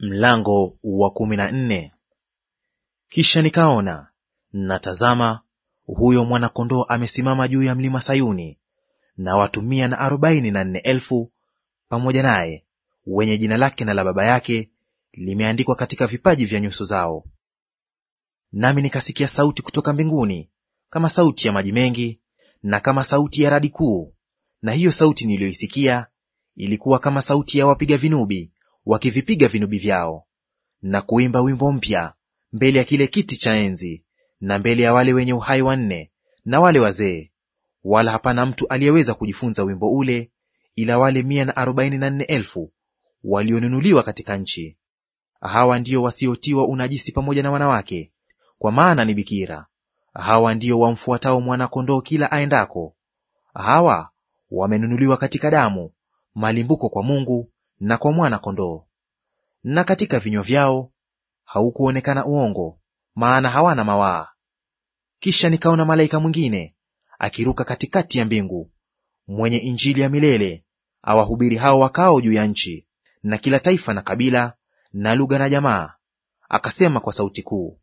Mlango wa kumi na nne. Kisha nikaona natazama, huyo mwana-kondoo amesimama juu ya mlima Sayuni, na watu mia na arobaini na nne elfu pamoja naye, wenye jina lake na la Baba yake limeandikwa katika vipaji vya nyuso zao. Nami nikasikia sauti kutoka mbinguni kama sauti ya maji mengi na kama sauti ya radi kuu, na hiyo sauti niliyoisikia ilikuwa kama sauti ya wapiga vinubi wakivipiga vinubi vyao, na kuimba wimbo mpya mbele ya kile kiti cha enzi, na mbele ya wale wenye uhai wanne na wale wazee. Wala hapana mtu aliyeweza kujifunza wimbo ule ila wale mia na arobaini na nne elfu walionunuliwa katika nchi. Hawa ndio wasiotiwa unajisi pamoja na wanawake, kwa maana ni bikira. Hawa ndio wamfuatao mwanakondoo kila aendako. Hawa wamenunuliwa katika damu, malimbuko kwa Mungu na kwa mwana-kondoo. Na katika vinywa vyao haukuonekana uongo, maana hawana mawaa. Kisha nikaona malaika mwingine akiruka katikati ya mbingu, mwenye injili ya milele, awahubiri hao wakao juu ya nchi, na kila taifa na kabila na lugha na jamaa, akasema kwa sauti kuu,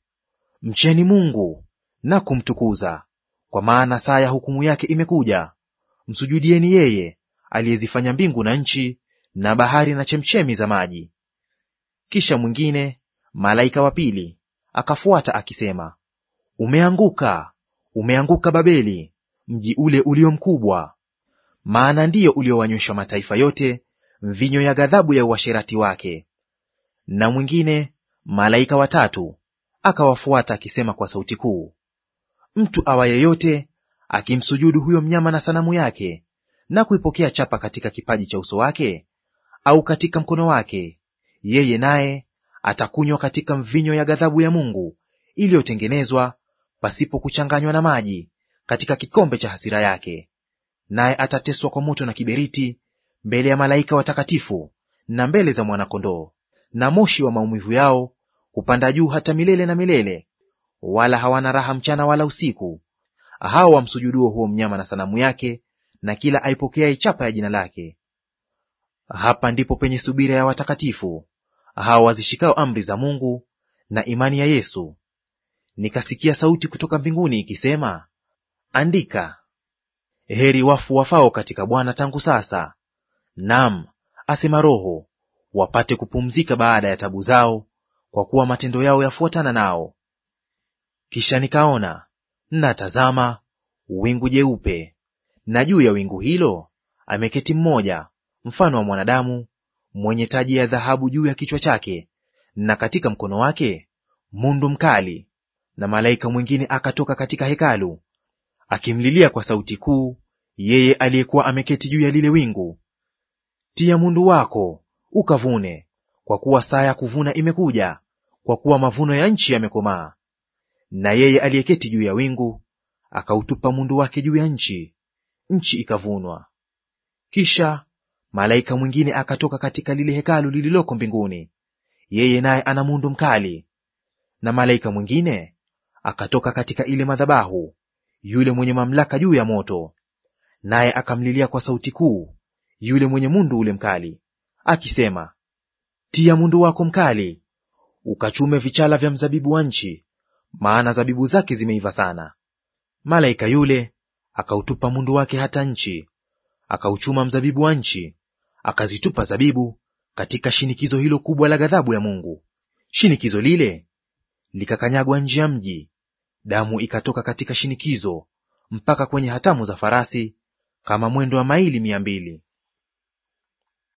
mcheni Mungu na kumtukuza, kwa maana saa ya hukumu yake imekuja. Msujudieni yeye aliyezifanya mbingu na nchi, na bahari na chemchemi za maji. Kisha mwingine malaika wa pili akafuata akisema, Umeanguka, umeanguka Babeli, mji ule ulio mkubwa, maana ndiyo uliowanywesha mataifa yote mvinyo ya ghadhabu ya uasherati wake. Na mwingine malaika watatu akawafuata akisema kwa sauti kuu, mtu awa yeyote akimsujudu huyo mnyama na sanamu yake na kuipokea chapa katika kipaji cha uso wake, au katika mkono wake, yeye naye atakunywa katika mvinyo ya ghadhabu ya Mungu iliyotengenezwa pasipo kuchanganywa na maji katika kikombe cha hasira yake. Naye atateswa kwa moto na kiberiti mbele ya malaika watakatifu na mbele za Mwanakondoo. Na moshi wa maumivu yao hupanda juu hata milele na milele, wala hawana raha mchana wala usiku, hao wamsujuduo huo mnyama na sanamu yake na kila aipokeaye chapa ya jina lake. Hapa ndipo penye subira ya watakatifu, hawa wazishikao amri za Mungu na imani ya Yesu. Nikasikia sauti kutoka mbinguni ikisema, Andika, heri wafu wafao katika Bwana tangu sasa, nam asema Roho, wapate kupumzika baada ya tabu zao, kwa kuwa matendo yao yafuatana nao. Kisha nikaona natazama, wingu jeupe, na juu ya wingu hilo ameketi mmoja mfano wa mwanadamu mwenye taji ya dhahabu juu ya kichwa chake, na katika mkono wake mundu mkali. Na malaika mwingine akatoka katika hekalu akimlilia kwa sauti kuu yeye aliyekuwa ameketi juu ya lile wingu, tia mundu wako ukavune, kwa kuwa saa ya kuvuna imekuja, kwa kuwa mavuno ya nchi yamekomaa. Na yeye aliyeketi juu ya wingu akautupa mundu wake juu ya nchi, nchi ikavunwa. Kisha Malaika mwingine akatoka katika lile hekalu lililoko mbinguni, yeye naye ana mundu mkali. Na malaika mwingine akatoka katika ile madhabahu, yule mwenye mamlaka juu ya moto, naye akamlilia kwa sauti kuu yule mwenye mundu ule mkali, akisema, tia mundu wako mkali ukachume vichala vya mzabibu wa nchi, maana zabibu zake zimeiva sana. Malaika yule akautupa mundu wake hata nchi, akauchuma mzabibu wa nchi, akazitupa zabibu katika shinikizo hilo kubwa la ghadhabu ya Mungu. Shinikizo lile likakanyagwa nje ya mji, damu ikatoka katika shinikizo mpaka kwenye hatamu za farasi kama mwendo wa maili mia mbili.